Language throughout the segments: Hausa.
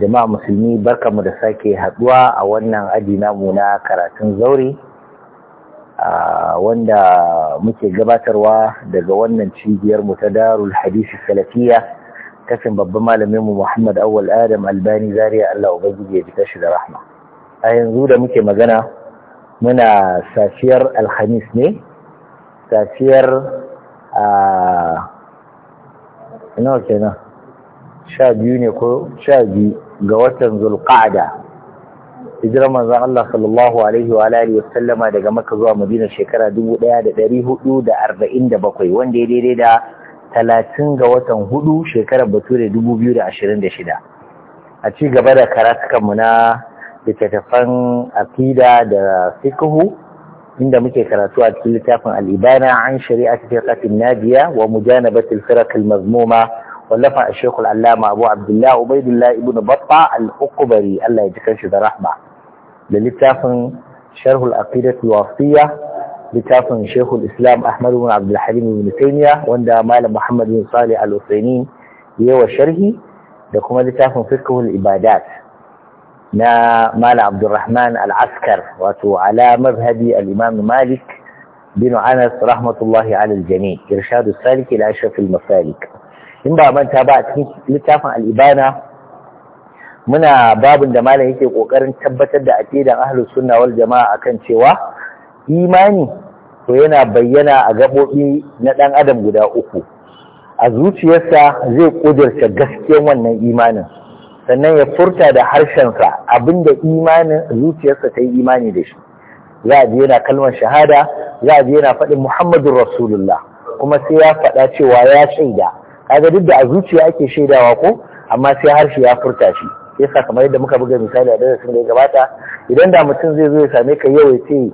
jama'a musulmi barkamu da sake haduwa a wannan aji namu na karatun zauri, wanda muke gabatarwa daga wannan cibiyar mu ta darul hadisi salafiya kafin babban malamin mu Muhammad Awwal Adam Albani Zaria Allah ubangiji ya jika da rahma a yanzu da muke magana muna safiyar alhamis ne safiyar a kenan sha biyu ne ko sha biyu ga watan zulƙada hijirar manzon Allah sallallahu alaihi wa alihi wa sallama daga Makka zuwa Madina shekara 1447 wanda ya daidai da talatin ga watan hudu shekarar Bature 2026 a ci gaba da karatukan mu na littattafan aqida da fiqhu inda muke karatu a cikin littafin al-ibana an shari'ati fiqatin nadiya wa mujanabatil firaq al-mazmuma ولفا الشيخ العلامة أبو عبد الله عبيد الله ابن بطة الأقبري الله يجزاكم شدة رحمة لكتاب شرح العقيدة الوافية لكتاب شيخ الإسلام أحمد بن عبد الحليم بن تيمية وندى مال محمد بن صالح الوسينين يو الشرح لكم لكتاب فقه الإبادات نا مال عبد الرحمن العسكر واتو على مذهب الإمام مالك بن عنس رحمة الله على الجميع إرشاد السالك إلى أشرف المسالك in ba manta ba a cikin littafin al'ibana muna babin da malam yake kokarin tabbatar da aqidan ahlus sunna wal jama'a akan cewa imani to yana bayyana a gabobi na dan adam guda uku a zuciyarsa zai kudurta gaskiyar wannan imanin sannan ya furta da harshensa abinda imanin zuciyarsa ta yi imani da shi za a yana kalmar shahada za a yana faɗin muhammadun rasulullah kuma sai ya faɗa cewa ya shaida kaga duk da a zuciya ake shaidawa ko amma sai harshe ya furta shi yasa kamar yadda muka buga misali a darasin da ya gabata idan da mutum zai zo ya same ka yau ya ce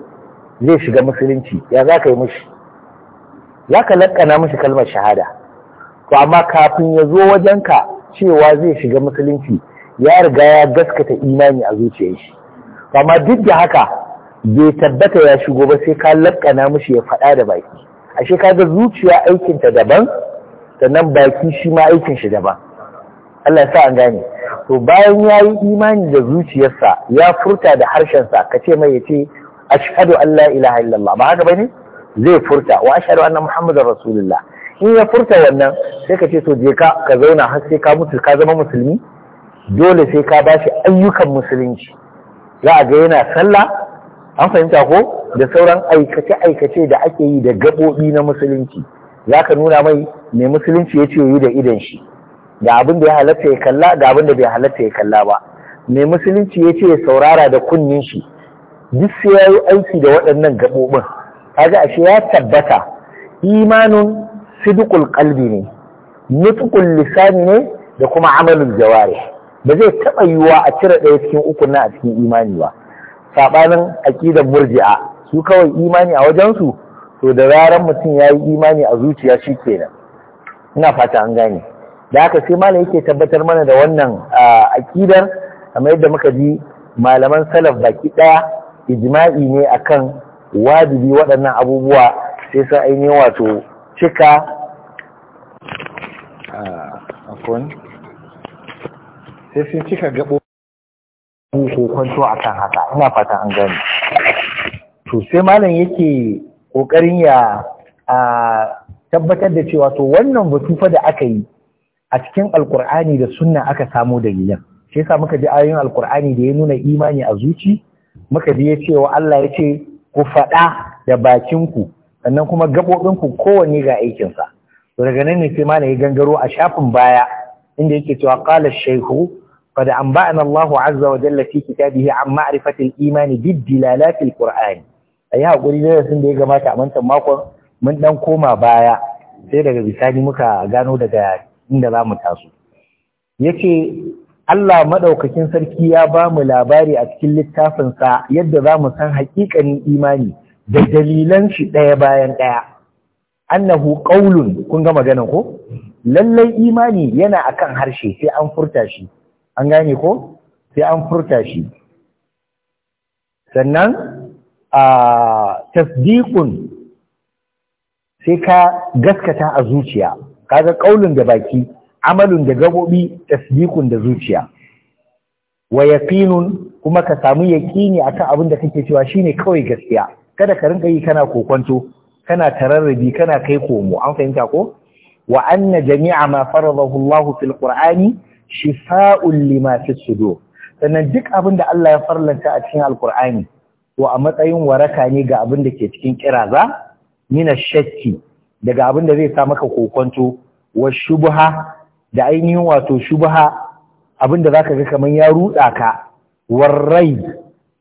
zai shiga musulunci ya za ka yi mishi za ka lakkana mishi kalmar shahada to amma kafin ya zo wajenka cewa zai shiga musulunci ya riga ya gaskata imani a zuciyar shi to amma duk da haka bai tabbata ya shigo ba sai ka lakkana mishi ya faɗa da baki ashe kaga zuciya aikinta daban sannan baki shi ma aikin shi daban Allah ya sa an gane to bayan ya yi imani da zuciyarsa ya furta da harshensa ka ce mai ya ce ashhadu an la ilaha illallah ba haka bane zai furta wa ashhadu anna muhammadar rasulullah in ya furta wannan sai ka ce to je ka ka zauna har sai ka mutu ka zama musulmi dole sai ka bashi ayyukan musulunci za a ga yana sallah an fahimta ko da sauran aikace aikace da ake yi da gaɓoɓi na musulunci za ka nuna mai mai musulunci ya ce yi da idan shi ga abin da ya halatta ya kalla ga abin da bai halatta ya kalla ba mai musulunci ya ce ya saurara da kunnin shi duk sai ya yi aiki da waɗannan gaɓoɓin kaga ashe ya tabbata imanin sidukul kalbi ne nutukul lisani ne da kuma amalin jawari ba zai taɓa yiwuwa a cire ɗaya cikin uku na a cikin imani ba saɓanin aƙidar murji'a su kawai imani a wajensu to da zaran mutum ya yi imani a zuciya shi nan ina fata an gane da haka sai malam yake tabbatar mana da wannan akidar kamar yadda muka ji malaman salaf baki daya ijma'i ne akan wajibi waɗannan abubuwa sai sun ainihin wato cika sai sun cika gabo ko kwanto akan haka ina fata an gane to sai malam yake ƙoƙarin ya tabbatar da cewa to wannan batu fa da aka yi a cikin alkur'ani da sunna aka samo dalilan shi yasa muka ji ayoyin alkur'ani da ya nuna imani a zuci muka ji ya ce wa Allah ya ce ku faɗa da bakinku sannan kuma gaɓoɓinku kowanne ga aikinsa to daga nan ne sai mana yi gangaro a shafin baya inda yake cewa qala shaykhu qad anba'ana Allahu azza wa jalla fi kitabihi an ma'rifati imani bid dilalati qurani a yi haƙuri da sun da ya gamata a mantan makon mun ɗan koma baya sai daga bisani muka gano daga inda za mu taso ya ce Allah maɗaukakin sarki ya ba mu labari a cikin littafinsa yadda za mu san haƙiƙanin imani da dalilan shi ɗaya bayan ɗaya annahu ƙaulun kun ga magana ko lallai imani yana akan harshe sai an furta shi an gane ko sai an furta shi sannan a tasdiqun sai ka gaskata a zuciya kaga kaulin da baki amalin da gabobi tasdiqun da zuciya wa yaqinun kuma ka samu yaqini akan abin da kake cewa shine kawai gaskiya kada ka rinka yi kana kokonto kana tararrabi kana kai komo an fahimta ko wa anna jami'a ma faradahu Allahu fil Qur'ani shifa'un lima fi sudur sannan duk abin da Allah ya farlanta a cikin alqur'ani to a matsayin waraka ne ga abin da ke cikin kiraza Nina shakki daga abin da zai sa maka kokonto wa shubha da ainihin wato shubha abin da zaka ga kaman ya ruɗa ka warrai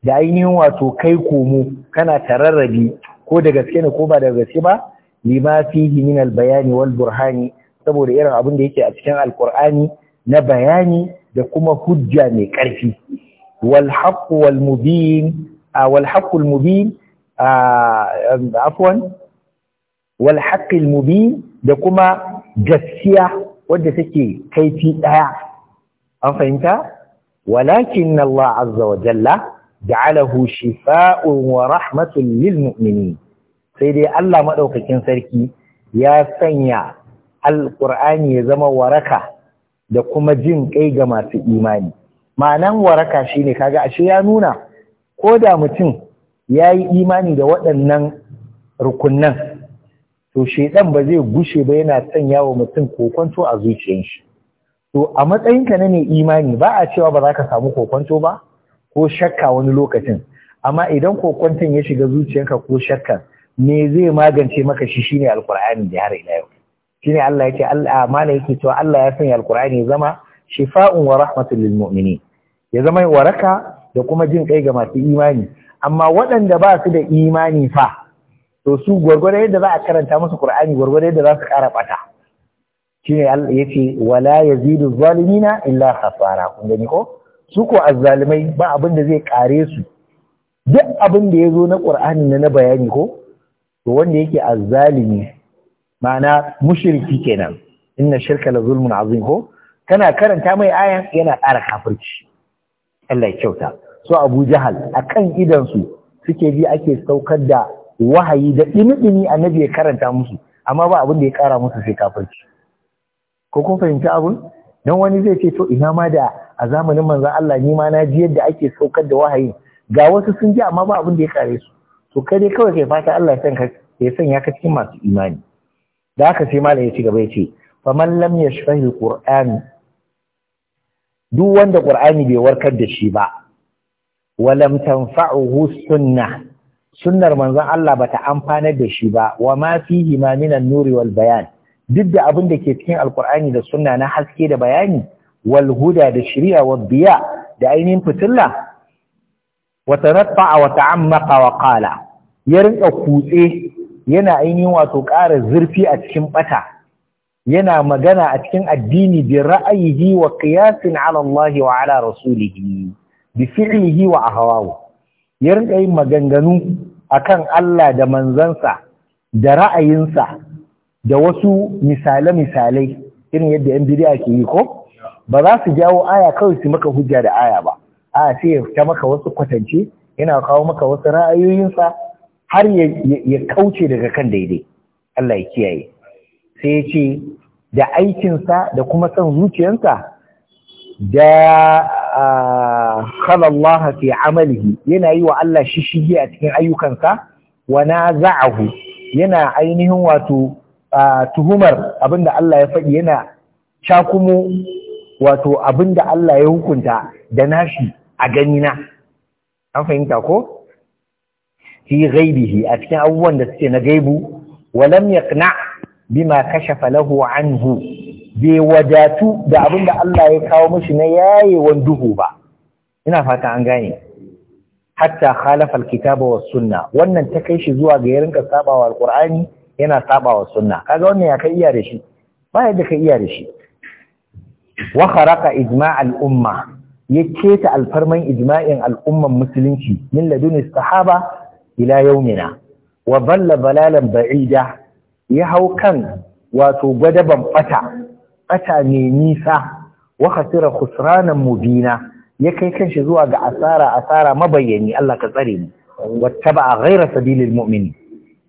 da ainihin wato kai komo kana tararrabi ko da gaske ne ko ba da gaske ba lima fihi min bayani wal burhani saboda irin abin da yake a cikin alkur'ani na bayani da kuma hujja mai ƙarfi wal haqq wal mubin wal haqqul mubin afwan wal da kuma gaskiya wadda take kaifi daya an fahimta walakin Allah azza wa jalla ja'alahu shifa'un wa rahmatun lil mu'minin sai dai Allah madaukakin sarki ya sanya alqur'ani ya zama waraka da kuma jin kai ga masu imani ma'anan waraka shine kaga ashe ya nuna Koda mutum ya yi imani da waɗannan rukunan to shaidan ba zai gushe ba yana sanya wa mutum kokwanto a zuciyar shi to a matsayinka na ne imani ba a cewa ba za ka samu kokonto ba ko shakka wani lokacin amma idan kokonton ya shiga zuciyarka ko shakka me zai magance maka shi shine alkur'ani da har ila yau shine Allah yake Allah amana yake cewa Allah ya sanya alkur'ani zama shifa'un wa rahmatul lil mu'minin ya zama waraka da kuma jin kai ga masu imani amma waɗanda ba su da imani fa to su da yadda za a karanta musu Qur'ani gwargwadon yadda za su ƙara bata shine Allah yace wala yazidu zalimina illa khasara kun gani ko su ko azzalimai ba abin da zai kare su duk abin da yazo na Qur'ani na na bayani ko to wanda yake azzalimi ma'ana mushriki kenan inna shirka la zulmun azim ko kana karanta mai ayan yana ƙara kafirci Allah ya kyauta su abu jahal a kan idansu suke bi ake saukar da wahayi da ɗimi-ɗimi na ya karanta musu amma ba abin da ya kara musu sai kafarci ko kun fahimci abin don wani zai ce to ina ma da a zamanin manzan Allah ni ma na ji yadda ake saukar da wahayi ga wasu sun ji amma ba abin da ya kare su to kai dai kawai kai fata Allah ya sanya ka cikin masu imani da haka sai malam ya ci gaba ya ce man lam yashfahi qur'an duk wanda qur'ani bai warkar da shi ba walam tanfa'uhu sunnah sunnar manzon Allah bata amfanar da shi ba wa ma fihi ma bayan duk da abinda ke cikin alqur'ani da sunna na haske da bayani wal da shari'a wa biya da ainihin fitila? wa tanaffa'a wa ta'ammaqa wa qala ya rinka kutse yana ainihin wato ƙara zurfi a cikin bata yana magana a cikin addini bi ra'ayi wa qiyasin ala Allah wa ala rasulihi bi fi'lihi wa ahwahu ya rinka yin maganganu akan Allah da manzansa da ra'ayinsa da wasu misale-misalai irin yadda yan bida ke yi ko ba za su jawo aya kawai su maka hujja da aya ba a sai ya fita maka wasu kwatance yana kawo maka wasu ra'ayoyinsa har ya kauce daga kan daidai Allah ya kiyaye sai ya ce da aikinsa da kuma son zuciyarsa da khalallaha fi amalihi yana yi wa Allah shishige a cikin ayyukansa wa na za'ahu yana ainihin wato tuhumar abinda Allah ya faɗi yana cakumo wato abinda Allah ya hukunta da nashi a ganina an fahimta ko fi ghaibihi a cikin abubuwan da suke na gaibu wa walam yaqna bima kashafa lahu anhu bai wadatu da abin da Allah ya kawo mashi na yayewan duhu ba ina fata an gane hatta khalafa alkitaba was sunna wannan ta kai shi zuwa ga yarinka sabawa alqur'ani yana sabawa sunna kaga wannan ya kai iya da shi ba yadda kai iya da shi wa kharaqa ijma' umma ya keta alfarman ijma'in al'umman musulunci min laduni sahaba ila yaumina wa balla balalan ba'ida ya hau kan wato gwadaban fata bata mai nisa wa khasira khusranan mubina ya kai kanshi zuwa ga asara asara mabayyani Allah ka tsare mu wattaba ghaira sabilil mu'mini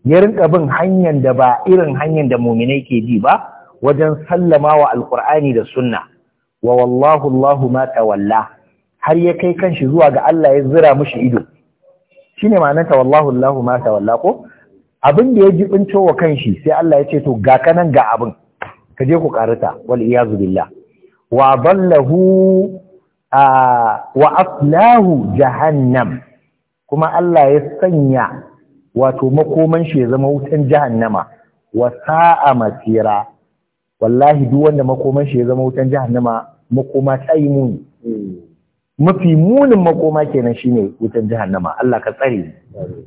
ya rinka bin hanyar da ba irin hanyar da mu'minai ke bi ba wajen sallama wa alqur'ani da sunna wa wallahu Allahu ma tawalla har ya kai kanshi zuwa ga Allah ya zira mushi ido shine ma'anar tawallahu Allahu ma tawalla ko abin da ya jibinto wa kanshi sai Allah ya ce to ga kanan ga abin ka je ku karata wal iyazu billah wa ballahu wa aflahu jahannam kuma Allah ya sanya wato makoman shi ya zama wutan jahannama wa sa'a masira wallahi duk wanda makoman shi ya zama wutan jahannama makoma ta yi muni mafi munin makoma kenan shine wutan jahannama Allah ka tsare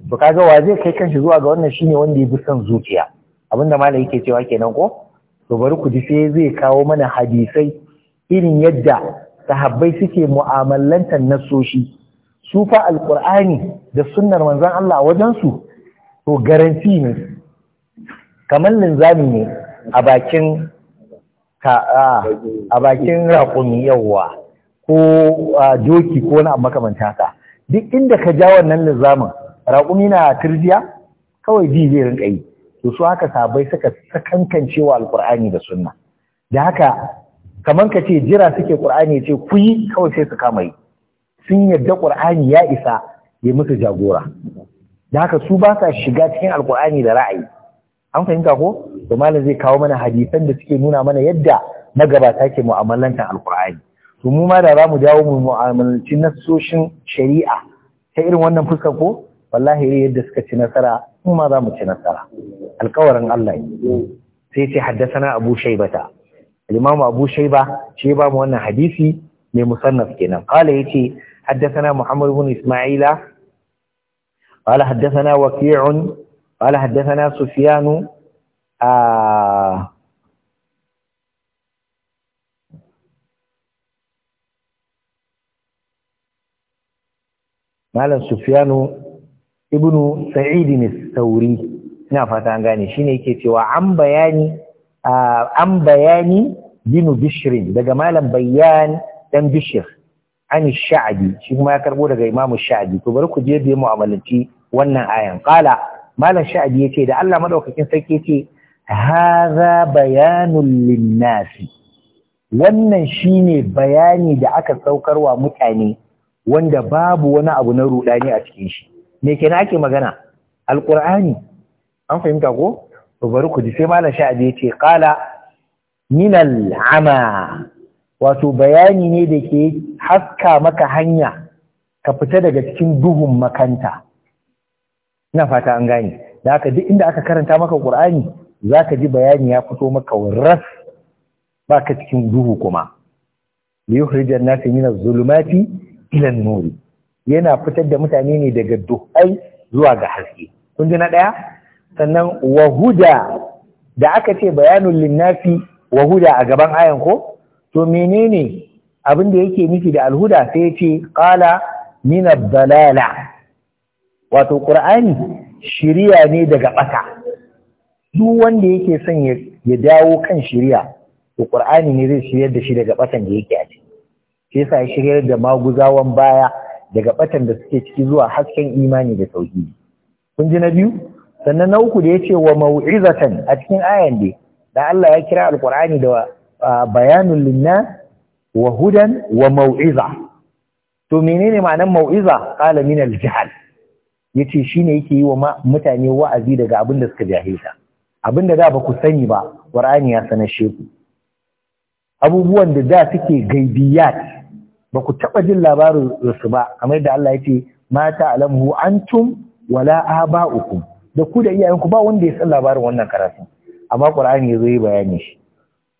to kaga wa zai kai kanshi zuwa ga wannan shine wanda ya bi son zuciya abinda malai yake cewa kenan ko to bari ku ji sai zai kawo mana hadisai irin yadda sahabbai suke mu'amalantar nasoshi su fa alqur'ani da sunnar manzon Allah wajen su to garanti ne kamar linzami ne a bakin ka a bakin raƙumi yawa ko doki ko wani makamanta ka duk inda ka ja wannan linzamin raƙumi na kirjiya? kawai ji zai rinka yi to su haka sabai suka sakankancewa alkur'ani da sunna da haka kamar ka ce jira suke qur'ani ce ku yi kawai sai su kama yi sun yadda qur'ani ya isa ya musu jagora da haka su ba sa shiga cikin alkur'ani da ra'ayi an fahimta ko to malam zai kawo mana hadisan da suke nuna mana yadda magabata ke mu'amalantar alkur'ani to mu ma da zamu dawo mu mu'amalanci nasoshin shari'a ta irin wannan fuska ko wallahi yadda suka ci nasara mu ma za mu ci nasara alkawarin Allah ne sai ce haddasana Abu Shaybata al-Imam Abu Shayba shi ba mu wannan hadisi mai musannaf kenan qala yace haddasana Muhammad ibn Isma'ila Malam Sufyanu ibnu sa'id as-sauri ina fata an gane shine yake cewa an bayani an bayani bin bishr daga malam bayan dan bishr an sha'bi shi kuma ya karbo daga imamu sha'bi to bari ku je da mu'amalanci wannan ayan qala malam sha'bi yace da Allah madaukakin sarki yake hadha bayanul linnasi wannan shine bayani da aka saukarwa mutane wanda babu wani abu na rudani a cikin shi me ke ake magana Alƙur'ani, an fahimta ko to bari ku ji sai malam sha'abi yace qala min al'ama wato bayani ne da ke haska maka hanya ka fita daga cikin duhun makanta ina fata an gane da haka duk inda aka karanta maka qur'ani zaka ji bayani ya fito maka ras baka cikin duhu kuma yukhrijan nasi min az-zulumati ila an-nuri yana fitar da mutane ne daga duhai zuwa ga haske kun ji na ɗaya sannan wahuda da aka ce bayanin linnafi wahuda a gaban ayan ko to menene abin da yake nufi da alhuda sai ce qala min ad-dalala wato qur'ani shiriya ne daga ɓata. duk wanda yake son ya dawo kan shiriya to qur'ani ne zai shiryar da shi daga batan da yake a ciki sai yasa shiryar da maguzawan baya daga batan da suke ciki zuwa hasken imani da tauhidi kun ji na biyu sannan na uku da yace wa mau'izatan a cikin ayan da da Allah ya kira alqur'ani da bayanul linnas wa hudan wa mau'iza to menene ma'anar mau'iza qala min al-jahl yace shine yake yi wa mutane wa'azi daga abin da suka jahilta abin da da ba ku sani ba qur'ani ya sanar ku abubuwan da da suke gaibiyat ba ku taɓa jin labarin su ba kamar da Allah ya ce mata alamhu antum wala aba'ukum da ku da iyayenku ba wanda ya san labarin wannan karatu amma Qur'ani ya zo yi bayani shi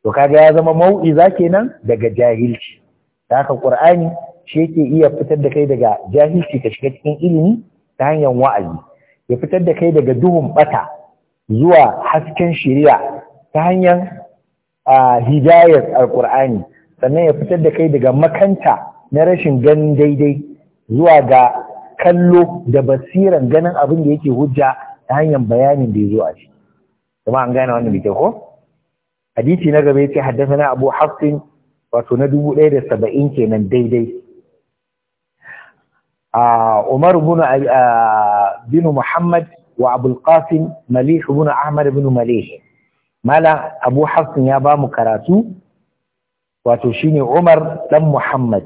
to kaga ya zama mau'iza kenan daga jahilci da haka Qur'ani shi yake iya fitar da kai daga jahilci ka shiga cikin ilimi ta hanyar wa'azi ya fitar da kai daga duhun bata zuwa hasken shari'a ta hanyar ah, hidayar alqur'ani sannan ya fitar da kai daga makanta na rashin ganin daidai zuwa ga kallo da basiran ganin abin da yake hujja ta hanyar bayanin da ya zo a shi kuma an gane wannan bikin ko hadisi na gaba yace na abu hafsin wato na dubu ɗaya da saba'in kenan daidai a umar bin bin muhammad wa abul qasim malik bin ahmad bin Malik, mala abu hafsin ya ba mu karatu wato shine Umar dan Muhammad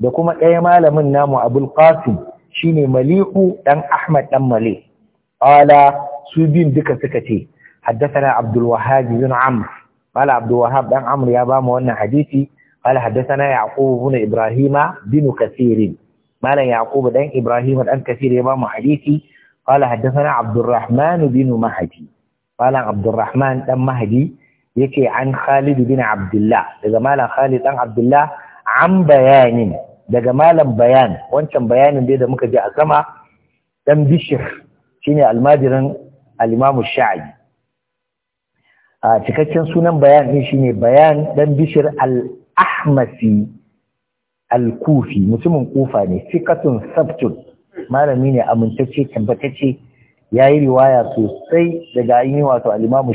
da kuma ɗaya malamin namu Abul Qasim shine Maliku dan Ahmad dan Mali ala su biyun duka suka ce haddathana Abdul Wahhab bin Amr qala Abdul Wahhab dan Amr ya ba mu wannan hadisi qala haddathana Yaqub bin Ibrahima bin Kathir mala Yaqub dan Ibrahim dan Kathir ya ba mu hadisi qala haddathana Abdul Rahman bin Mahdi qala Abdul Rahman dan Mahdi yace an Khalid bin Abdullah daga malam Khalid dan Abdullah an bayanin daga malam bayan wancan bayanin dai da muka ji a sama dan Bishir shine almajirin al-Imam Sha'i a cikakken sunan bayan din shine bayan dan Bishir al-Ahmasi al-Kufi mutumin Kufa ne fikatun sabtun malami ne amintacce tabbatacce yayi riwaya sosai daga ainihi wato al-Imam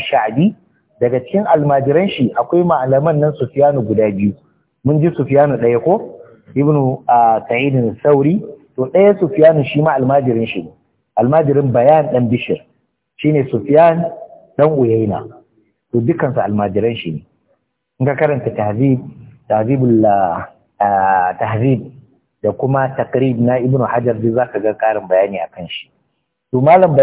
daga cikin almajiran shi akwai malaman nan Sufiyanu guda biyu mun ji sufyanu ɗaya ko ibnu sa'idin sauri to ɗaya Sufiyanu shi ma almajirin shi almajirin bayan ɗan bishir shine sufyan ɗan uyaina to dukansu almajiran shi ne in ka karanta tahzib tahzibul tahzib da kuma takrib na ibnu hajar duk zaka ga ƙarin bayani akan shi to malam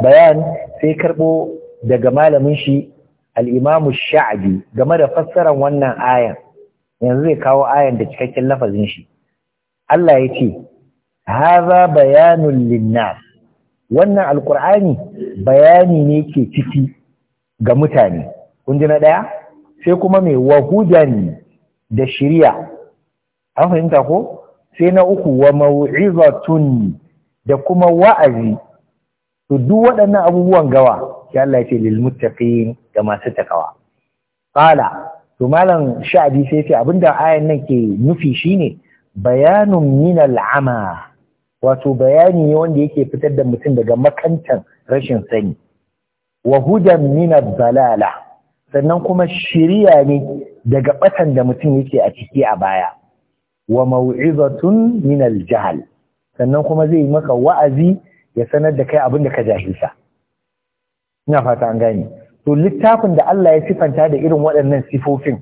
bayan sai karɓo daga malamin shi al'imamu sha'abi game da fassarar wannan ayan yanzu zai kawo ayan da cikakken lafazin shi Allah ya ce haza bayanun linnas wannan alkur'ani bayani ne ke ciki ga mutane kun ji na ɗaya sai kuma mai wahudan da shirya an fahimta ko sai na uku wa mau'izatun da kuma wa'azi to duk waɗannan abubuwan gawa sai Allah ya ce lil Da masu takawa qala to malam sha'abi sai ce abinda ayan nan ke nufi shine bayanun min al'ama wato bayani ne wanda yake fitar da mutum daga makantan rashin sani wa hudan min sannan kuma shirya ne daga batan da mutum yake a ciki a baya wa mau'izatun minar jahal sannan kuma zai maka wa'azi ya sanar da kai abin da ka jahilta ina fata an gane to littafin da Allah ya sifanta da irin waɗannan sifofin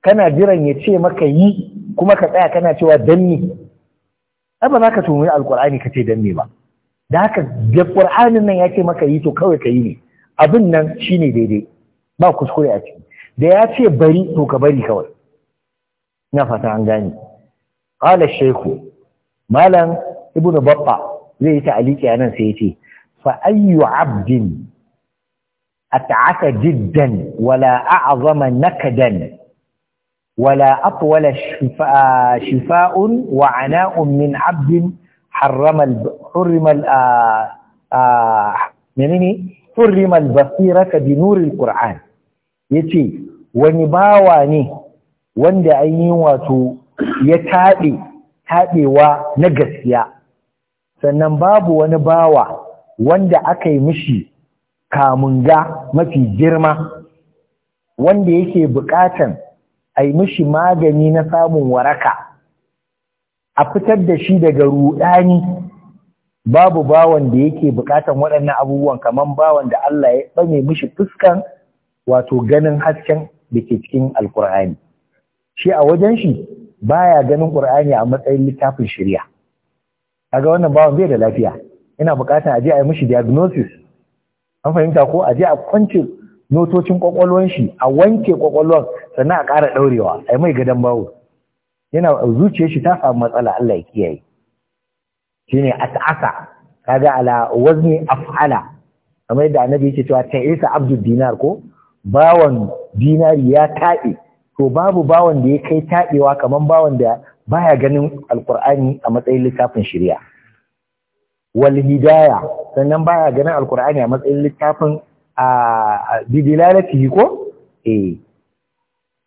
kana jiran ya ce maka yi kuma ka tsaya kana cewa danni ai ba za ka tumi alkur'ani ka ce danni ba da haka da qur'anin nan ya ce maka yi to kawai ka yi ne abin nan shine daidai ba kuskure a ciki da ya ce bari to ka bari kawai ina fata an gane qala shaykhu malam ibnu babba zai yi ta'aliki nan sai ce fa ayyu abdin أتعس جدا ولا أعظم نكدا ولا أطول شفاء, شفاء وعناء من عبد حرم حرم يعني حرم البصيرة بنور القرآن يتي ونباواني وند أي واتو يتابي تابي ونقسيا سننباب ونباوا وند أكي مشي Kamun ga mafi girma wanda yake buƙatan a yi mishi magani na samun waraka a fitar da shi daga ruɗani babu bawan da yake buƙatan waɗannan abubuwan kamar bawan da Allah ya ɓame mishi fuskan wato ganin hasken da ke cikin Alƙur'ani. shi a wajen shi baya ganin ƙur'ani a matsayin littafin shirya kaga wannan bawan bai da lafiya ina buƙatan a je a yi mishi diagnosis an fahimta ko a je a kwance notocin kwakwalwan shi a wanke kwakwalwan sannan a ƙara ɗaurewa a mai gadon bawo yana zuciyar shi ta samu matsala Allah ya kiyaye ta'asa at'asa kaga ala wazni af'ala kamar yadda annabi yake cewa ta isa abdul dinar ko bawan dinari ya taɓe to babu bawan da ya kai taɓewa kamar bawan da baya ganin alkur'ani a matsayin littafin shirya. wal hidaya sannan baya ganin alkur'ani a matsayin littafin a bidilalatihi ko eh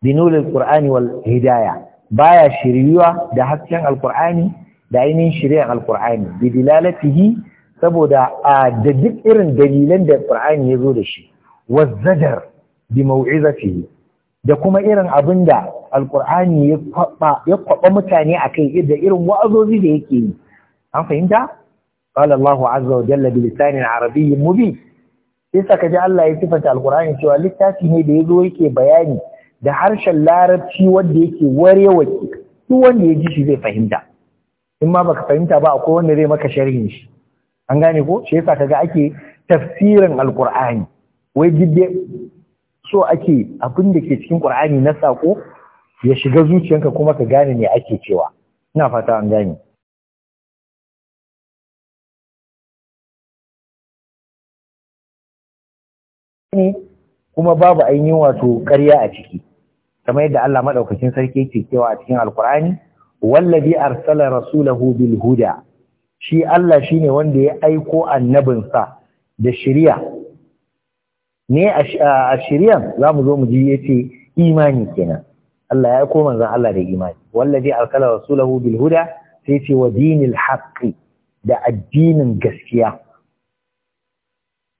binulul qur'ani wal hidaya baya shiryuwa da hasken alkur'ani da ainihin shiryan alkur'ani bidilalatihi saboda da duk irin dalilan da qur'ani ya zo da shi wazzajar bi mau'izatihi da kuma irin abinda alkur'ani ya kwaba mutane akai da irin wa'azozi da yake yi an fahimta qala Allahu azza wa jalla bi lisanin arabiyyin sai saka ji Allah ya sifata alqur'ani cewa littafi ne da yazo yake bayani da harshen larabci wanda yake warewa duk wanda ya ji shi zai fahimta in ma baka fahimta ba akwai wanda zai maka sharhin shi an gane ko shi yasa kaga ake tafsirin alqur'ani wai jidde so ake abin da ke cikin qur'ani na sako ya shiga zuciyanka kuma ka gane me ake cewa ina fata an gane ne kuma babu ainihin wato ƙarya a ciki kamar yadda Allah madaukakin sarki yake cewa a cikin alkur'ani wallazi arsala rasulahu bil huda shi Allah shine wanda ya aiko annabinsa da shari'a ne a shari'an zamu zo mu ji yace imani kenan Allah ya aiko manzon Allah da imani wallazi arsala rasulahu bil huda sai ce wa dinil haqqi da addinin gaskiya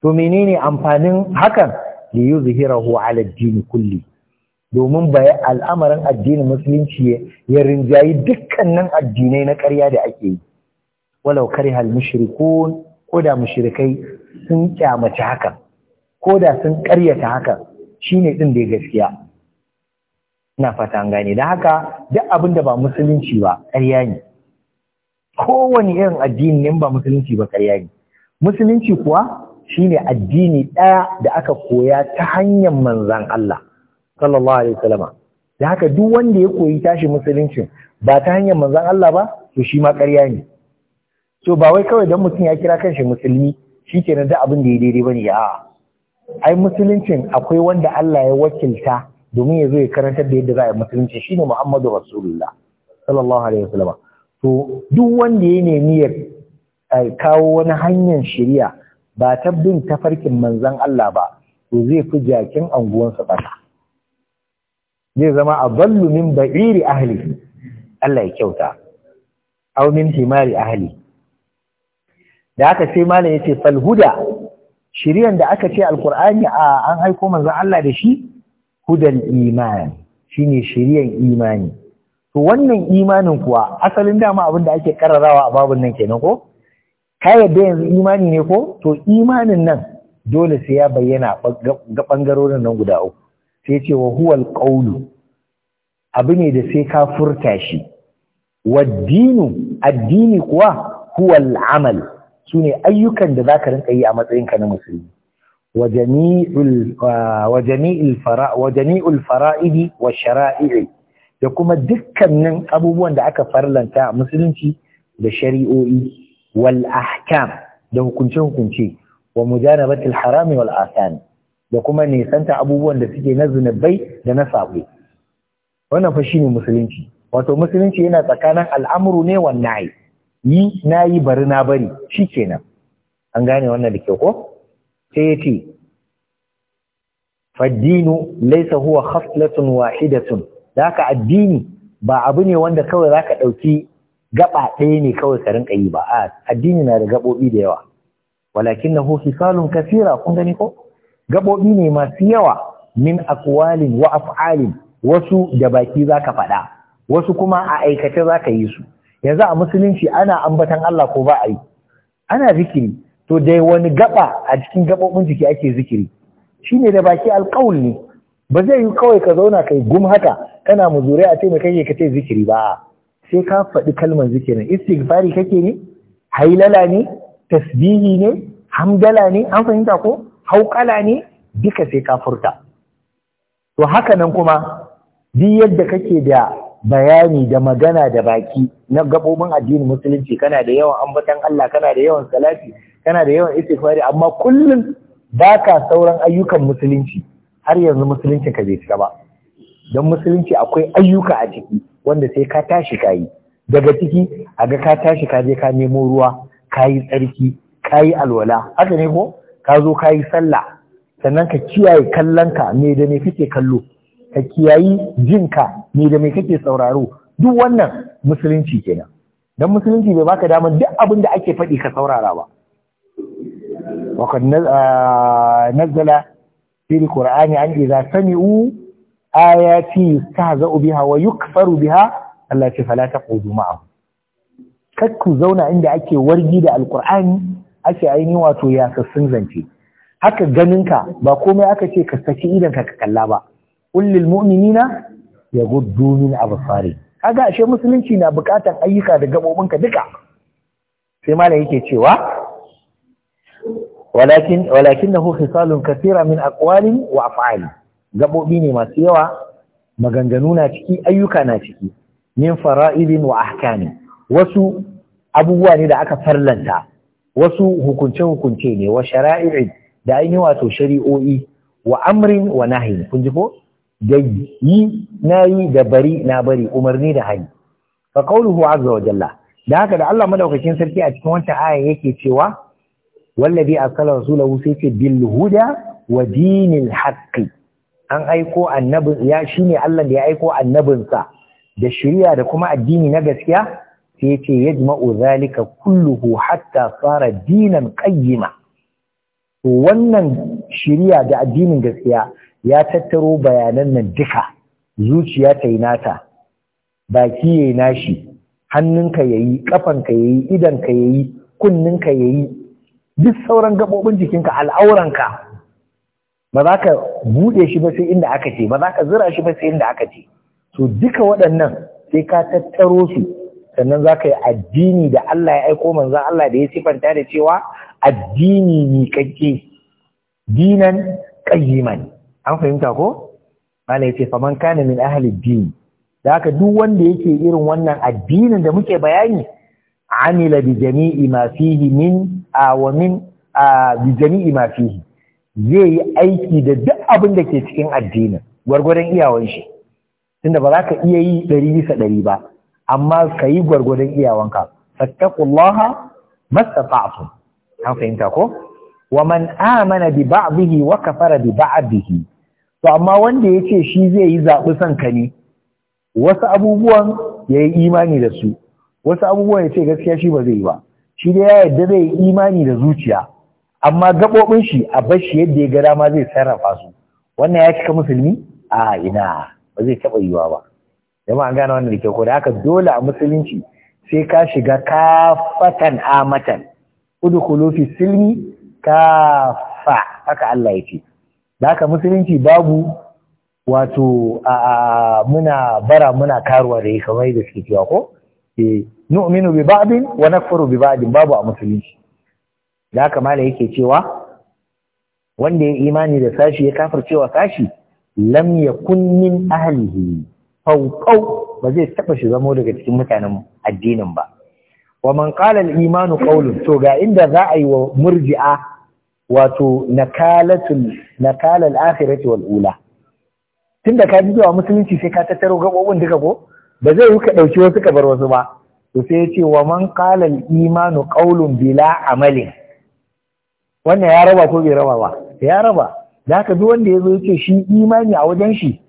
to menene amfanin hakan li yuzhirahu ala ad-din kulli domin bai al'amarin addinin musulunci ya rinjayi dukkanin addinai na ƙarya da ake yi walau karihal mushrikun ko da mushrikai sun kyamaci hakan ko da sun ƙaryata hakan shine din da gaskiya ina fata gane da haka duk abin da ba musulunci ba ƙarya ne kowane irin addini ne ba musulunci ba ƙarya ne musulunci kuwa Shi ne addini ɗaya da aka koya ta hanyar manzan Allah sallallahu alaihi wasallama da haka duk wanda ya koyi tashi musulunci ba ta hanyar manzan Allah ba to shi ma ƙarya ne so ba wai kawai don mutum ya kira kan shi musulmi shi shikenan da abin da ya daidai ya a'a ai musuluncin akwai wanda Allah ya wakilta domin ya zo ya karantar da yadda za a yi musulunci ne Muhammadu Rasulullah sallallahu alaihi wasallama. to duk wanda ya nemi ya eh, kawo wani hanyar shari'a ba ta bin tafarkin manzan Allah ba to zai fi jakin anguwansa ɓata zai zama a ballu min ba'iri ahli Allah ya kyauta aw min himari ahli da aka sai malam ya ce Falhuda, shiryan da aka ce Alkur'ani a an aiko manzon Allah da shi hudan shi ne shiriyan imani to wannan imanin kuwa asalin dama abin da ake kararawa a babun nan kenan ko ka yadda yanzu imani ne ko to imanin nan dole sai ya bayyana ga ɓangarorin nan guda uku sai ce wa huwal ƙaulu abu ne da sai ka furta shi waddinu addini kuwa huwal amal sune ayyukan da za ka rinka yi a matsayinka na musulmi wajami'ul fara'idi wa shara'i'i da kuma dukkanin abubuwan da aka farlanta a musulunci da shari'o'i wal da hukunce hukunce wa mujanabatil harami wal asan da kuma nisanta abubuwan da suke na zunubai da na sabo wannan fa ne musulunci wato musulunci yana tsakanin al'amuru ne wa na'i yi nayi bari na bari shikenan an gane wannan da kyau ko sai ce. faddinu laisa huwa khaslatun wahidatun da ka addini ba abu ne wanda kawai zaka ɗauki. gaba ɗaya ne kawai ka rinka yi ba a addini na da gaɓoɓi da yawa walakin na hofi salon kasira kun gani ko gaɓoɓi ne masu yawa min akwalin wa af'alin wasu da baki za ka faɗa wasu kuma a aikace za ka yi su yanzu a musulunci ana ambatan Allah ko ba a yi ana zikiri to dai wani gaba a cikin gaɓoɓin jiki ake zikiri Shi ne da baki alƙawul ne ba zai yi kawai ka zauna kai gum haka kana zure a ce mai ka ce zikiri ba sai ka faɗi kalmar zikirin istighfari kake ne hailala ne tasbihi ne hamdala ne an fahimta ko hauƙala ne duka sai ka furta to haka nan kuma duk yadda kake da bayani da magana da baki na gabobin addinin musulunci kana da yawan ambatan Allah kana da yawan salati kana da yawan istighfari amma kullum baka sauran ayyukan musulunci har yanzu musulunci ka bai cika ba don musulunci akwai ayyuka a ciki wanda sai ka tashi ka yi daga ciki a ga ka tashi ka je ka nemo ruwa ka yi tsarki ka yi alwala haka ne ko ka zo ka yi sallah sannan ka kiyaye kallonka me da me kake kallo ka kiyayi jinka me da me kake sauraro duk wannan musulunci kenan dan musulunci bai baka damar duk abin da ake faɗi ka saurara ba kan nazala ah, fil qur'ani an iza sami'u ayati yustahza'u biha wa yukfaru biha Allah ce fala taqudu ma'ahu kakku zauna inda ake wargi da alqur'ani ake aini wato ya sassun zance haka ganinka ba komai aka ce ka saki idan ka kalla ba kullil mu'minina yaguddu min absari kaga ashe musulunci na bukatan ayyuka da gabobinka duka sai mala yake cewa walakin walakinahu khisalun kathira min aqwalin wa af'ali gaɓoɓi ne masu yawa maganganu na ciki ayyuka na ciki min fara'ilin wa ahkani wasu abubuwa ne da aka farlanta wasu hukunce-hukunce ne wa shara'i'i da an yi wato shari'o'i wa amrin wa nahi kun ji ko da yi na yi da bari na bari umarni da hali fa qawluhu azza wa jalla da haka da Allah madaukakin sarki a cikin wancan aya yake cewa wallazi arsala rasulahu sai ce bil huda wa dinil haqqi an aiko annabin ya shine Allah da ya aiko annabinsa da shirya da kuma addini na gaskiya sai yace yajma'u zalika kulluhu hatta fara dinan qayyima to wannan shirya da addinin gaskiya ya tattaro bayanan nan duka zuciya ta yi nata baki ya yi nashi hannunka ya yayi kafanka yayi idanka yayi kunninka yi. duk sauran gabobin jikinka al'auranka ba za ka buɗe shi ba sai inda aka ce ba za ka zira shi ba sai inda aka ce to duka waɗannan sai ka tattaro su sannan za ka yi addini da Allah ya aiko manzan Allah da ya sifanta da cewa addini ni kake, dinan ƙayyiman an fahimta ko mana ya ce man kana min ahli din da haka duk wanda yake irin wannan addinin da muke bayani amila bi jami'i ma fihi min a wa min a bi jami'i ma fihi zai yi aiki da duk abin da ke cikin addinin gwargwadon iyawan shi tunda ba za ka iya yi ɗari bisa ɗari ba amma ka yi gwargwadon iyawanka fattakullaha mastata'tum an fahimta ko wa man amana bi ba'dihi wa kafara bi ba'dihi to amma wanda yace shi zai yi zabi san ka ne wasu abubuwan yayi imani da su wasu abubuwan yace gaskiya shi ba zai yi ba shi dai ya yarda zai yi imani da zuciya amma gaɓoɓin shi a bar shi yadda ya ga dama zai sarrafa su wannan ya cika musulmi a ina ba zai taɓa yiwa ba jama'a an gane wannan da kyau ko da haka dole a musulunci sai ka shiga kafatan amatan udkhulu fi silmi kafa haka Allah ya ce da haka musulunci babu wato a muna bara muna karuwa da kamar da suke cewa ko eh nu'minu bi ba'din wa nakfuru bi ba'din babu a musulunci da haka mala yake cewa wanda ya imani da sashi ya kafar cewa sashi lam ya kunnin ahalihi fawqau ba zai taba shi zamo daga cikin mutanen addinin ba wa man qala al imanu qawlun to ga inda za a yi wa murji'a wato nakalatul nakal al akhirati wal ula tunda ka ji zuwa musulunci sai ka tattaro gabobin duka ko ba zai yi ka dauki wasu ka wasu ba to sai ya ce wa man qala al imanu qawlun bila amalin wannan ya raba ko bai raba ba ya raba da haka duk wanda ya zo ce shi imani a wajen shi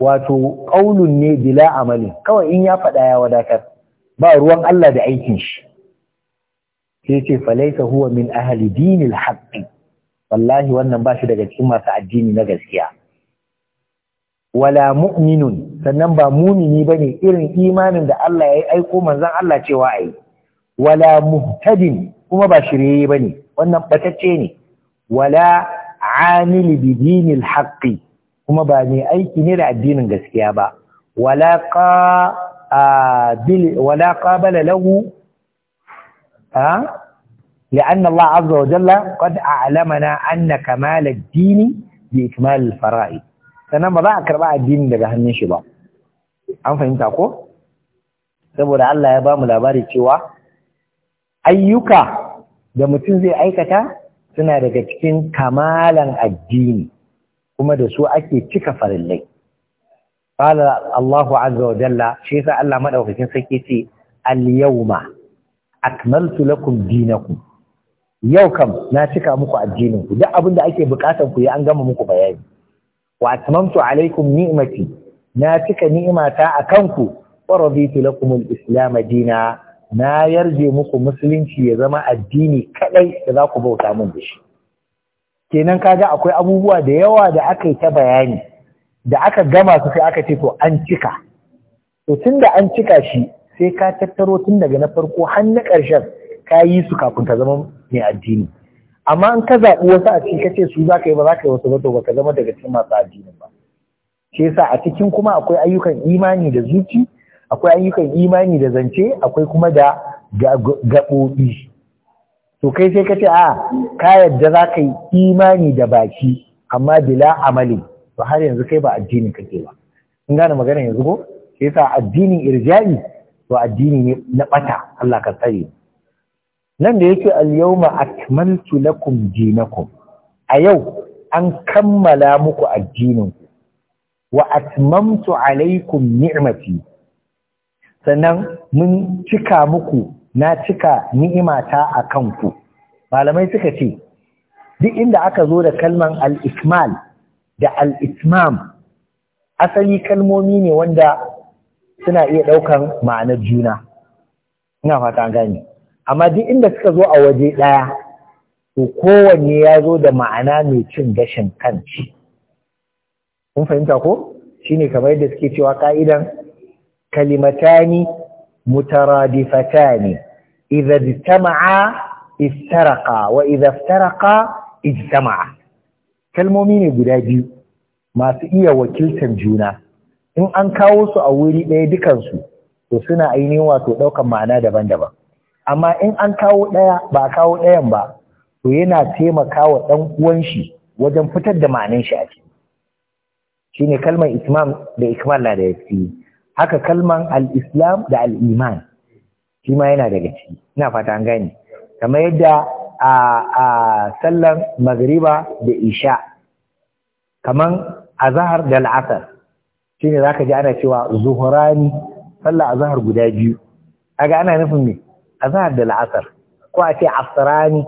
wato qaulun ne bila amali kawai in ya faɗa ya wadatar ba ruwan Allah da aikin shi sai ce falaisa huwa min ahali, dinil haqqi wallahi wannan ba shi daga cikin masu addini na gaskiya wala mu'minun sannan ba mumini bane irin imanin da Allah ya yi aiko manzon Allah cewa ai wala muhtadin kuma ba shirye bane wannan batacce ne wala amil bi dinil haqqi kuma ba ne aiki ne da addinin gaskiya ba wala qa bil wala qabala lahu ha allah azza wa jalla qad a'lamana وجل قد أعلمنا din bi ikmal al الفرائض sanan ba za ka karba addinin daga hannun shi ba an fahimta ko saboda Allah ya ba mu labari cewa ayyuka da mutum zai aikata suna daga cikin kamalan addini kuma da su ake cika farillai qala Allahu azza wa jalla shi yasa Allah madaukakin sarki ce al-yawma akmaltu lakum dinakum yau kam na cika muku addinin ku duk abin da ake bukatan ku an gama muku bayani wa atmamtu alaikum ni'mati na cika ni'imata akan ku wa raditu lakum al-islam dina na yarje muku musulunci ya zama addini kadai da za ku bauta mun da shi kenan kaga akwai abubuwa da yawa da aka yi ta bayani da aka gama su sai aka ce to an cika to tunda an cika shi sai ka tattaro tun daga na farko har na ƙarshen ka yi su kafin ka zama mai addini amma in ka zaɓi wasu a cikin kace su za ka yi ba za ka yi wasu ba to ba ka zama daga cikin masu addinin ba shi yasa a cikin kuma akwai ayyukan imani da zuci akwai ayyukan imani da zance akwai kuma da gaɓoɓi to kai sai ka ce a ka yadda za ka yi imani da baki amma bila amali to har yanzu kai ba addini kake ba in gane magana yanzu ko sai sa addinin irjani, to addini ne na bata Allah ka tsare nan da yake al-yawma akmaltu lakum dinakum a yau an kammala muku addinin ku wa atmamtu alaikum ni'mati sannan mun cika muku na cika ni'imata a kanku malamai suka ce duk inda aka zo da kalman al-ikmal da al-itmam asali kalmomi ne wanda suna iya ɗaukan ma'anar juna ina fata gani amma duk inda suka zo a waje ɗaya to kowanne ya zo da ma'ana mai cin gashin kanci kun fahimta ko shine kamar yadda suke cewa ka'idan kalimatani mutaradifatani idza ijtama'a iftaraqa wa idza iftaraqa ijtama'a kalmomi ne guda biyu masu iya wakiltar juna in an kawo su a wuri ɗaya dukansu to suna ainihin wato ɗaukan ma'ana daban-daban amma in an kawo ɗaya ba a kawo ɗayan ba to yana wa ɗan uwan shi wajen fitar da ma'anin shi a ciki shine kalmar itmam da ikmal na da yafi haka kalman al-islam da al-iman shi ma yana daga ciki ina fata an gane kamar yadda a a sallan maghriba da isha kaman azhar da al-asr shine zaka ji ana cewa zuhrani sallah azhar guda biyu kaga ana nufin me azhar da al-asr ko a ce asrani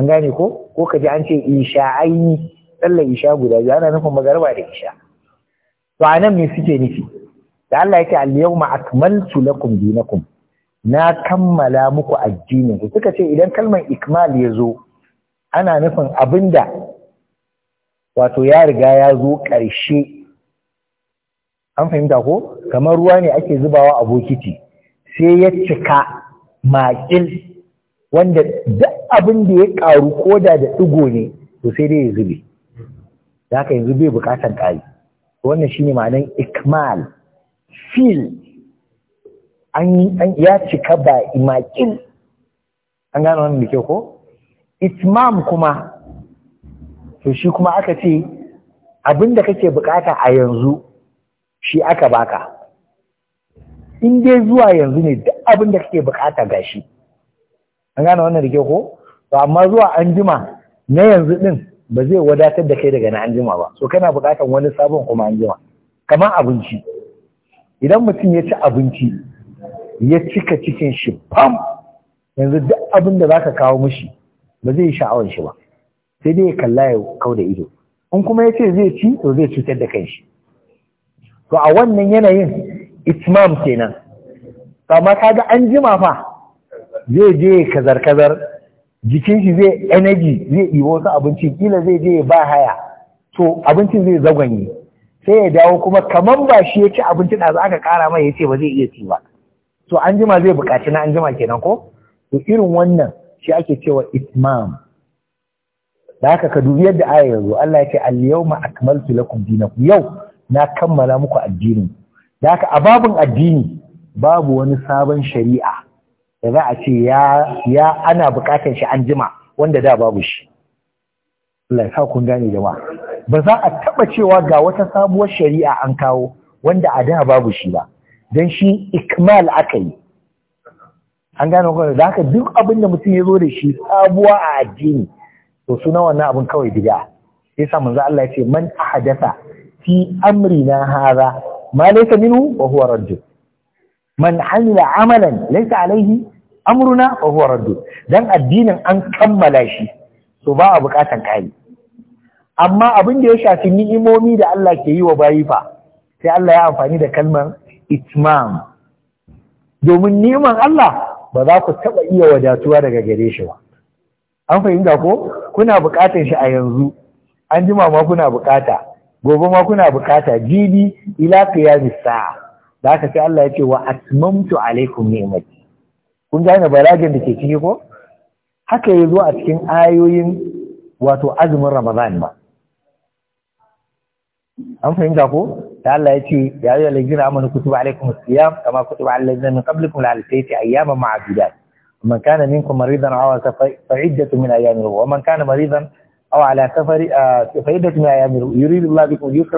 an gane ko ko kaji an ce isha'aini sallar isha guda biyu ana nufin magariba da isha to anan me suke nufi da Allah yake al-yawma akmaltu lakum dinakum na kammala muku addinin ku suka ce idan kalmar ikmal ya zo ana nufin abinda wato ya riga ya zo ƙarshe an fahimta ko kamar ruwa ne ake zubawa a bokiti sai ya cika makil wanda duk abin da ya karu koda da ɗigo ne to sai dai ya zube da haka yanzu bai bukatan ƙari wannan shine ma'anar ikmal fil an ya cika ba imaƙil an gano wani da ke ko itmam kuma to shi kuma aka ce abinda kake bukata a yanzu shi aka baka in dai zuwa yanzu ne duk abinda kake bukata gashi an gano wannan da ke ko to amma zuwa an jima na yanzu din ba zai wadatar da kai daga na an jima ba so kana bukatan wani sabon kuma an jima kamar abinci idan mutum ya ci abinci ya cika cikin shi fam yanzu duk abin da ka kawo mishi ba zai yi sha'awar shi ba sai dai ya kalla ya kau da ido in kuma ya ce zai ci to zai cutar da shi to a wannan yanayin itmam kenan amma kaga an jima fa zai je kazar-kazar jikin shi zai energy zai ɗibo wasu abinci kila zai je ba haya to abincin zai zagwanye sai ya dawo kuma kamar ba shi ya ci abinci da za aka kara mai ya ce ba zai iya ci ba to an jima zai buƙaci na an jima kenan ko to irin wannan shi ake cewa itmam da haka ka dubi yadda aya yanzu Allah ya ce al-yawma akmaltu lakum dinakum yau na kammala muku addinin da haka a babun addini babu wani sabon shari'a da za a ce ya ya ana buƙatar shi an jima wanda da babu shi Allah ya sa kun gane jama'a ba za a taɓa cewa ga wata sabuwar shari'a an kawo wanda a da babu shi ba don shi ikmal aka yi an gane kwanar da haka duk abin da mutum ya zo da shi sabuwa a addini to suna wannan abin kawai diga? Ya sa manzo Allah ya ce man ahdatha fi na hadha ma laysa minhu wa huwa radd man amila amalan laysa alaihi amruna wa huwa radd dan addinin an kammala shi to ba a bukatan kai amma abin da ya shafi ni'imomi da Allah ke yi wa bayi fa sai Allah ya amfani da kalmar itmam domin neman Allah ba za ku taɓa iya wadatuwa daga gare shi ba an fahimta ko kuna bukatar shi a yanzu an jima ma kuna buƙata gobe ma kuna buƙata jibi ila qiyamis sa'a da haka sai Allah ya ce wa atmamtu alaikum ni'mati kun gane balagin da ke ciki ko haka ya zo a cikin ayoyin wato azumin Ramadan ba أم فهم جاكو تعالى يتي يا أيها الذين آمنوا كتب عليكم الصيام كما كتب على الذين من قبلكم لعلكم أياما معدودات ومن كان منكم مريضا أو على سفر فعدة من أيام الأخرى ومن كان مريضا أو على سفر فعدة من أيام الأخرى يريد الله بكم اليسر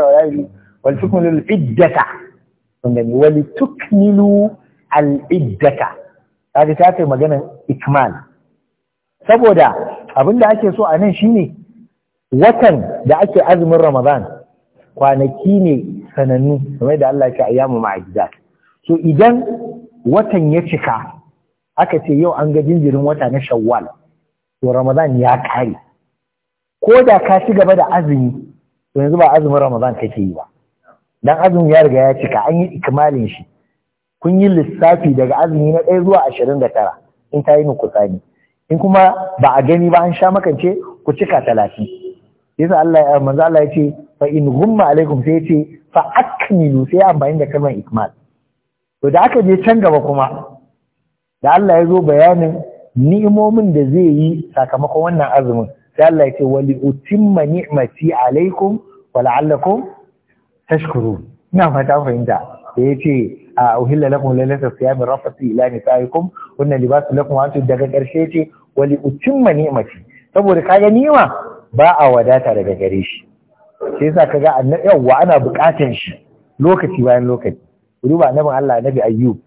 ولتكملوا العدة ولتكملوا العدة هذه تأتي مجانا إكمال سبو دا أبن دا سوء أنا شيني وكن دا أكي أزم رمضان kwanaki ne sanannu kamar da Allah ya ayyamu ma'ajiza so idan watan ya cika aka ce yau an ga jinjirin wata na shawwal to ramadan ya kare ko da ka ci gaba da azumi to yanzu ba azumin ramadan kake yi ba dan azumin ya riga ya cika an yi ikmalin shi kun yi lissafi daga azumi na ɗaya zuwa ashirin da tara in ta yi muku tsani in kuma ba a gani ba an sha makance ku cika talatin yasa Allah ya manzo Allah yace fa in humma alaikum sai yace fa akmilu sai amfani da kalmar ikmal to da aka je can gaba kuma da Allah ya zo bayanin ni'imomin da zai yi sakamakon wannan azumin sai Allah yace ce wali utimma ni'mati alaikum wa la'allakum tashkurun ina fata fahimta da yace a uhilla lakum lailata siyami rafati ila nisaikum wannan libasu lakum wa daga karshe ce wali utimma ni'mati saboda kaga ni'ima ba a wadata daga gare shi sai ka kaga annabi yawa ana bukatan shi lokaci bayan lokaci duba annabin Allah nabi Ayyub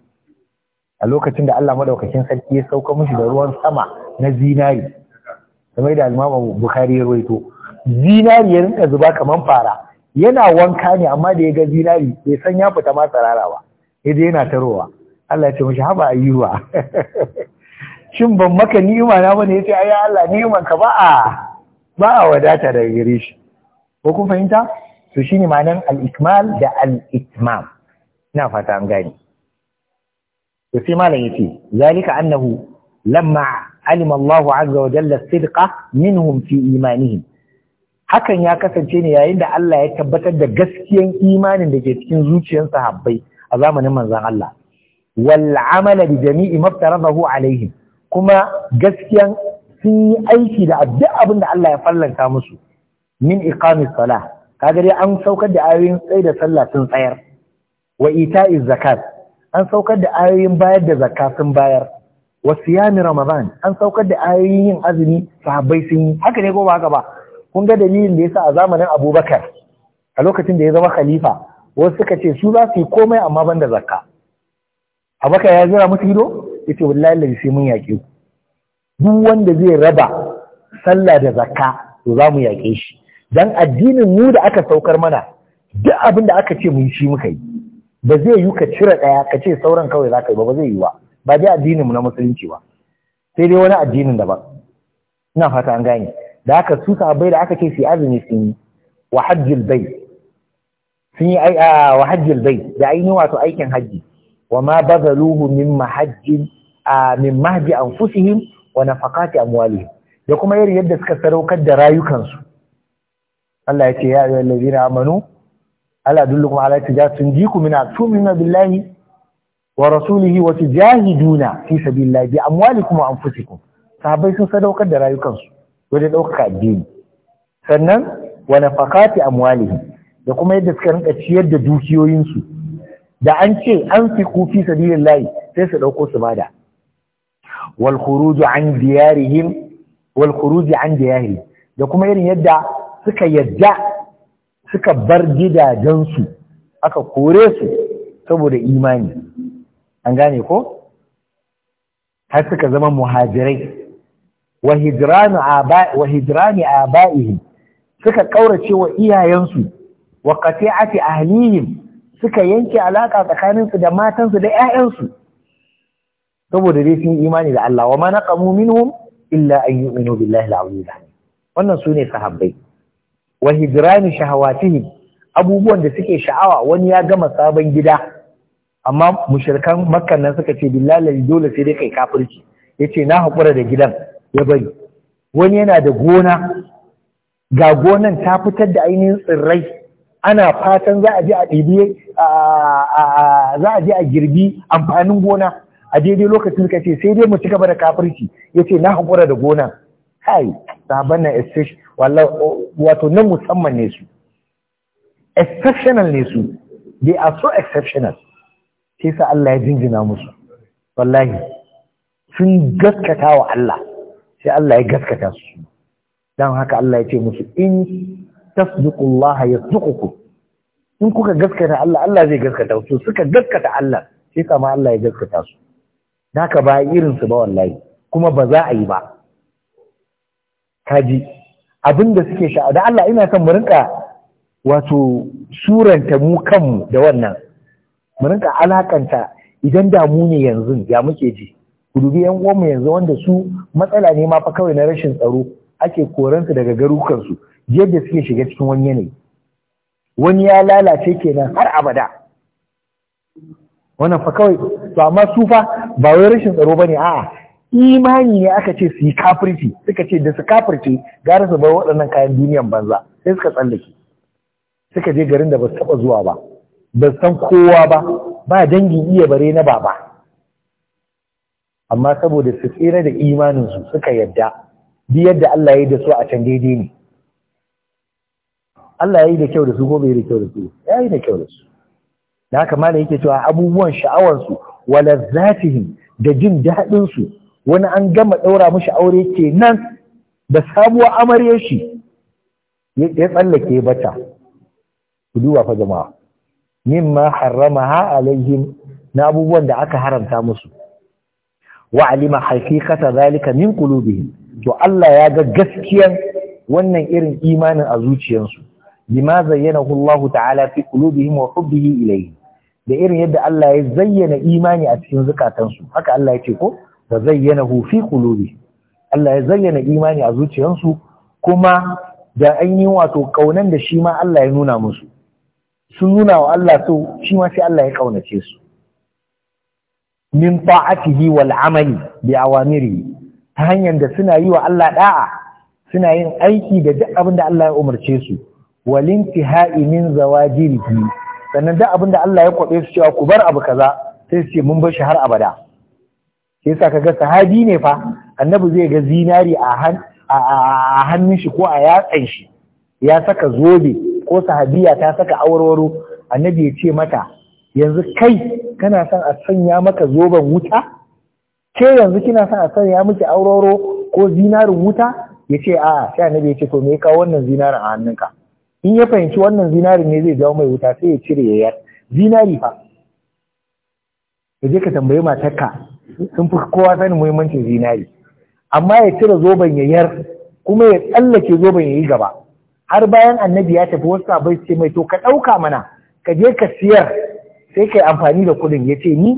a lokacin da Allah madaukakin sarki ya sauka mishi da ruwan sama na zinari kamar da Imam Bukhari ya zinari ya rinka zuba kaman fara yana wanka ne amma da ya ga zinari bai san ya fita ma tsarara ba dai yana tarowa Allah ya ce mishi haba ayyuba shin ban maka ni'ima na bane yace ai Allah ni'iman ka ba a ba a wadata daga gare shi ko kun fahimta to shine ma'anar al-ikmal da al-itmam ina fata an gane to sai malam yace zalika annahu lamma alima Allahu azza wa jalla sidqa minhum fi imanihim hakan ya kasance ne yayin da Allah ya tabbatar da gaskiyan imanin da ke cikin zuciyar sahabbai a zamanin manzon Allah wal amala bi jami'i maftarahu alaihim kuma gaskiyan sun yi aiki da duk abin da Allah ya fallanta musu min iqamis salah kaga dai an saukar da ayoyin tsai da sallah sun tsayar wa ita'iz zakat an saukar da ayoyin bayar da zakka sun bayar wa siyami ramadan an saukar da ayoyin yin azumi sahabbai sun yi haka ne ko ba haka ba kun ga dalilin da yasa a zamanin Abubakar a lokacin da ya zama khalifa wasu suka ce su za su yi komai amma banda zakka Abubakar ya jira musu ido yace wallahi sai mun yaƙi ku duk wanda zai raba sallah da zakka to za mu yaƙe shi dan addinin mu da aka saukar mana duk abin da aka ce mu yi shi muka yi ba zai yi ka cire ɗaya ka ce sauran kawai za ka yi ba zai yi ba ba dai addinin mu na musulunci ba sai dai wani addinin daban ina fata an gane da aka su sahabbai da aka ce su azumi sun yi azumi bai sun yi wa hajjil bai da ainihin wato aikin hajji wa ma bazaluhu min mahajjin min mahji wa nafaqati amwalihim da kuma irin yadda suka sadaukar da rayukansu Allah ya ce ya ayyuhal ladina amanu ala dullukum ala tijaratun jiku min tumina billahi wa rasulihi wa tujahiduna fi sabilillahi bi amwalikum wa anfusikum sahabbai sun sadaukar da rayukansu wajen ɗaukaka addini sannan wa nafaqati amwalihim da kuma yadda suka rinka ciyar da dukiyoyinsu da an ce an fi kufi sabilillahi sai su ɗauko su bada Walkuruji an diyarihim da kuma irin yadda suka yadda suka bar gidajensu aka kore su saboda imani an gane ko har suka zama muhajirai wa hijranu wa suka kaurace wa iyayensu wa qati'ati ahlihim suka yanke alaka tsakaninsu da matansu da 'ya'yansu. saboda dai sun imani da Allah wa ma naqamu minhum illa an yu'minu billahi al-'aliyyil wannan sune sahabbai wa hijrani shahawatihim abubuwan da suke sha'awa wani ya gama sabon gida amma mushrikan makkan nan suka ce billahi dole sai dai kai kafirci yace na hakura da gidan ya bari wani yana da gona ga gonan ta fitar da ainihin tsirrai ana fatan za a je a ɗibi za a je a girbi amfanin gona a daidai lokacin suka ce sai dai mu ci gaba da kafirci ce na hakura da gona kai sabon na especially wato nan musamman ne su exceptional ne su they are so exceptional sai sa Allah ya jinjina musu wallahi sun gaskata wa Allah sai Allah ya gaskata su dan haka Allah ya ce musu in tasdiqullaha yasdiqukum in kuka gaskata Allah Allah zai gaskata su suka gaskata Allah sai kama Allah ya gaskata su naka ba irinsu ba wallahi kuma ba za a yi ba kaji abinda suke sha da Allah ina son mu rinka wato suranta mu kanmu da wannan mu rinka alakanta idan da mu ne yanzu ya muke ji ku dubi yan mu yanzu wanda su matsala ne ma fa kawai na rashin tsaro ake koransu daga garukansu yadda suke shiga cikin wani yanayi wani ya lalace kenan har abada wannan fa kawai to amma su fa ba wai rashin tsaro bane a'a imani ne aka ce su yi kafirci suka ce da su kafirci gara su bar waɗannan kayan duniyan banza sai suka tsallake suka je garin da ba su taɓa zuwa ba ba san kowa ba ba dangin iya bare na baba amma saboda su tsira da imaninsu suka yadda bi yadda Allah ya yi da su a can daidai ne Allah ya yi da kyau da su gobe ya yi da kyau da su ya yi da kyau da su da haka malam yake cewa abubuwan sha'awarsu wa da jin daɗinsu, wani an gama ɗaura mishi aure kenan da sabuwar amarya shi ya tsallake bata ku duba fa jama'a mimma harramaha alaihim na abubuwan da aka haramta musu wa alima haqiqata zalika min qulubihim to Allah ya ga gaskiyan wannan irin imanin a zuciyarsu bima zayyana Allah ta'ala fi qulubihim wa hubbihi ilayhi da irin yadda Allah ya zayyana imani a cikin zukatansu haka Allah ya ce ko da zayyana hufi kulubi Allah ya zayyana imani a zuciyansu kuma da an yi wato kaunan da shi ma Allah ya nuna musu sun nuna wa Allah so shi ma sai Allah ya kaunace su min ta'atihi wal amali bi awamiri ta hanyar da suna yi wa Allah da'a suna yin aiki da duk abin da Allah ya umarce su wal intihai min zawajirihi sannan duk abin da Allah ya kwaɓe su cewa ku bar abu kaza sai su ce mun bar shi har abada sai yasa kaga sahabi ne fa annabi zai ga zinari a hannun shi ko a yatsan shi ya saka zobe ko sahabiya ta saka awarwaro annabi ya ce mata yanzu kai kana son a sanya maka zoben wuta ke yanzu kina son a sanya miki awarwaro ko zinarin wuta ya ce a sai annabi ya ce to me ya kawo wannan zinarin a hannunka in ya fahimci wannan zinarin ne zai zama mai wuta sai ya cire yayar zinari fa ka je ka tambayi matarka sun fi kowa sanin muhimmancin zinari amma ya cire zoben yayar kuma ya tsallake zoben yayi gaba har bayan annabi ya tafi wasu abai ce mai to ka ɗauka mana ka je ka siyar sai ka amfani da kuɗin ya ce ni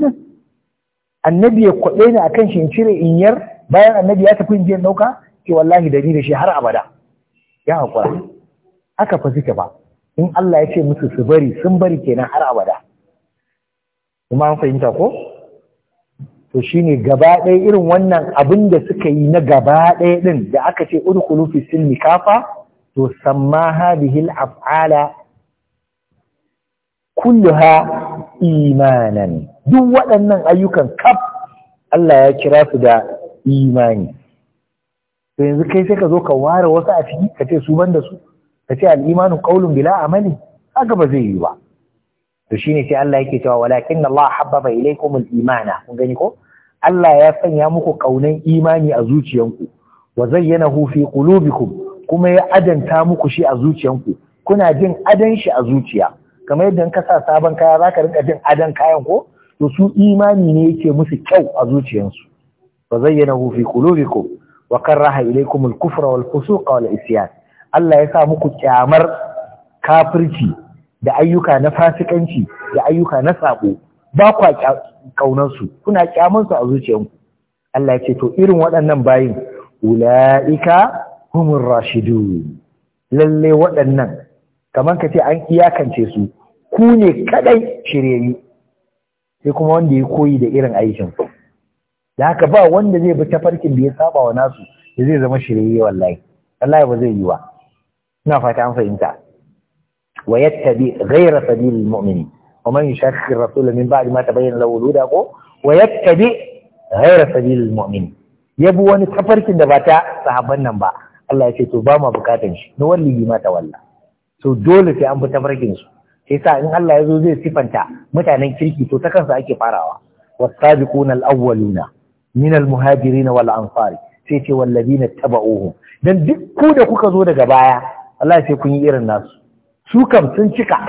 annabi ya kwaɗe ni a kan shi in cire in yar bayan annabi ya tafi in je ɗauka ke wallahi da ni da shi har abada ya haƙura haka fa suke ba in Allah ya ce musu su bari sun bari kenan har abada kuma an fahimta ko to shine gaba ɗaya irin wannan abin da suka yi na gaba ɗaya ɗin da aka ce udkhulu fi sinni kafa to samma hadhihi al-af'ala kulluha imanan duk waɗannan ayyukan kaf Allah ya kira su da imani to yanzu kai sai ka zo ka ware wasu a ciki ka ce su banda su ka ce al'imanu ƙaunin bila amali haka ba zai yi ba to ne sai Allah yake cewa walakin Allah habbaba ilaykumul imana kun gani ko Allah ya sanya muku ƙaunan imani a zuciyanku wa zayyanahu fi qulubikum kuma ya adanta muku shi a zuciyanku kuna jin adan shi a zuciya kamar yadda ka sa sabon kaya zaka rinka jin adan kayan ko to su imani ne yake musu kyau a zuciyansu wa zayyanahu fi qulubikum wa karaha ilaykumul kufra wal fusuqa wal isyan Allah ya sa muku kyamar kafirci da ayyuka na fasikanci da ayyuka na sabo ba kwa kaunansu kuna kyamansu a zuciyanku Allah ya ce to irin waɗannan bayin ula'ika humur rashidun lalle waɗannan kamar ka ce an iyakance su ku ne kadai shiryayyu sai kuma wanda ya koyi da irin aikin su da haka ba wanda zai bi tafarkin da ya saba wa nasu da zai zama shiryayye wallahi wallahi ba zai yi wa ina fata an fahimta wa yattabi ghayra sabilil mu'minin wa man yushakkir rasul min ba'di ma tabayyana lahu huda ko wa yattabi sabilil mu'minin yabu wani tafarkin da ba ta sahabban nan ba Allah ya ce to bama ma bukatan shi na wallahi ma ta walla To dole sai an bi tafarkin su sai in Allah ya zo zai sifanta mutanen kirki to ta kansa ake farawa wasabiquna al-awwaluna min al na wal ansari sai ce wallazina ohu. dan duk ku da kuka zo daga baya Allah sai kun yi irin nasu su kam sun cika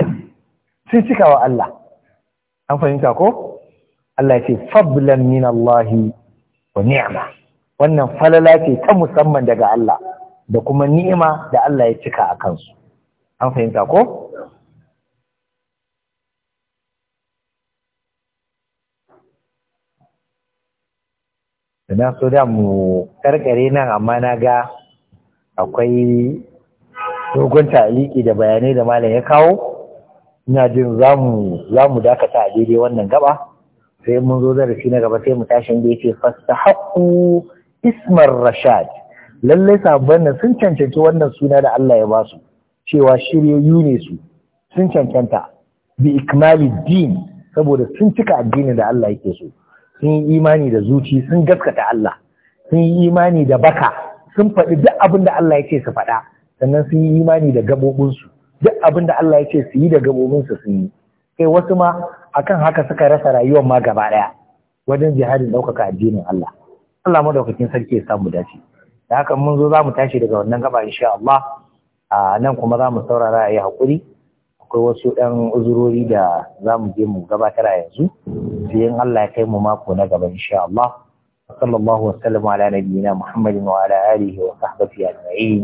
sun cika wa Allah an fahimta ko Allah ya ce fadlan min Allah wa ni'ma wannan falala ce ta musamman daga Allah da kuma ni'ima da Allah ya cika a kansu an fahimta ko da na so da mu karkare nan amma na ga akwai dogon ta'aliki da bayanai da malam ya kawo ina jin za mu dakata a daidai wannan gaba sai mun zo zarafi na gaba sai mu tashin da yake fasta haƙu ismar rashad lallai sabon nan sun cancanci wannan suna da Allah ya ba su cewa shiryayyu ne su sun cancanta bi ikmali din saboda sun cika addinin da Allah yake so sun yi imani da zuci sun gaskata Allah sun yi imani da baka sun faɗi duk abin da Allah yake su faɗa sannan sun yi imani da gabobinsu duk abin da Allah ya ce su yi da gabobinsu sun yi kai wasu ma akan haka suka rasa rayuwar ma gaba daya wajen jihadin ɗaukaka addinin Allah Allah madaukakin sarki ya samu dace da haka mun zo zamu mu tashi daga wannan gaba insha Allah a nan kuma zamu saurara a yi hakuri. akwai wasu ɗan uzurori da zamu je mu gabatar a yanzu sai in Allah ya kai mu mako na gaba insha Allah sallallahu wa sallam ala nabiyina Muhammadin wa ala alihi wa sahbihi ajma'in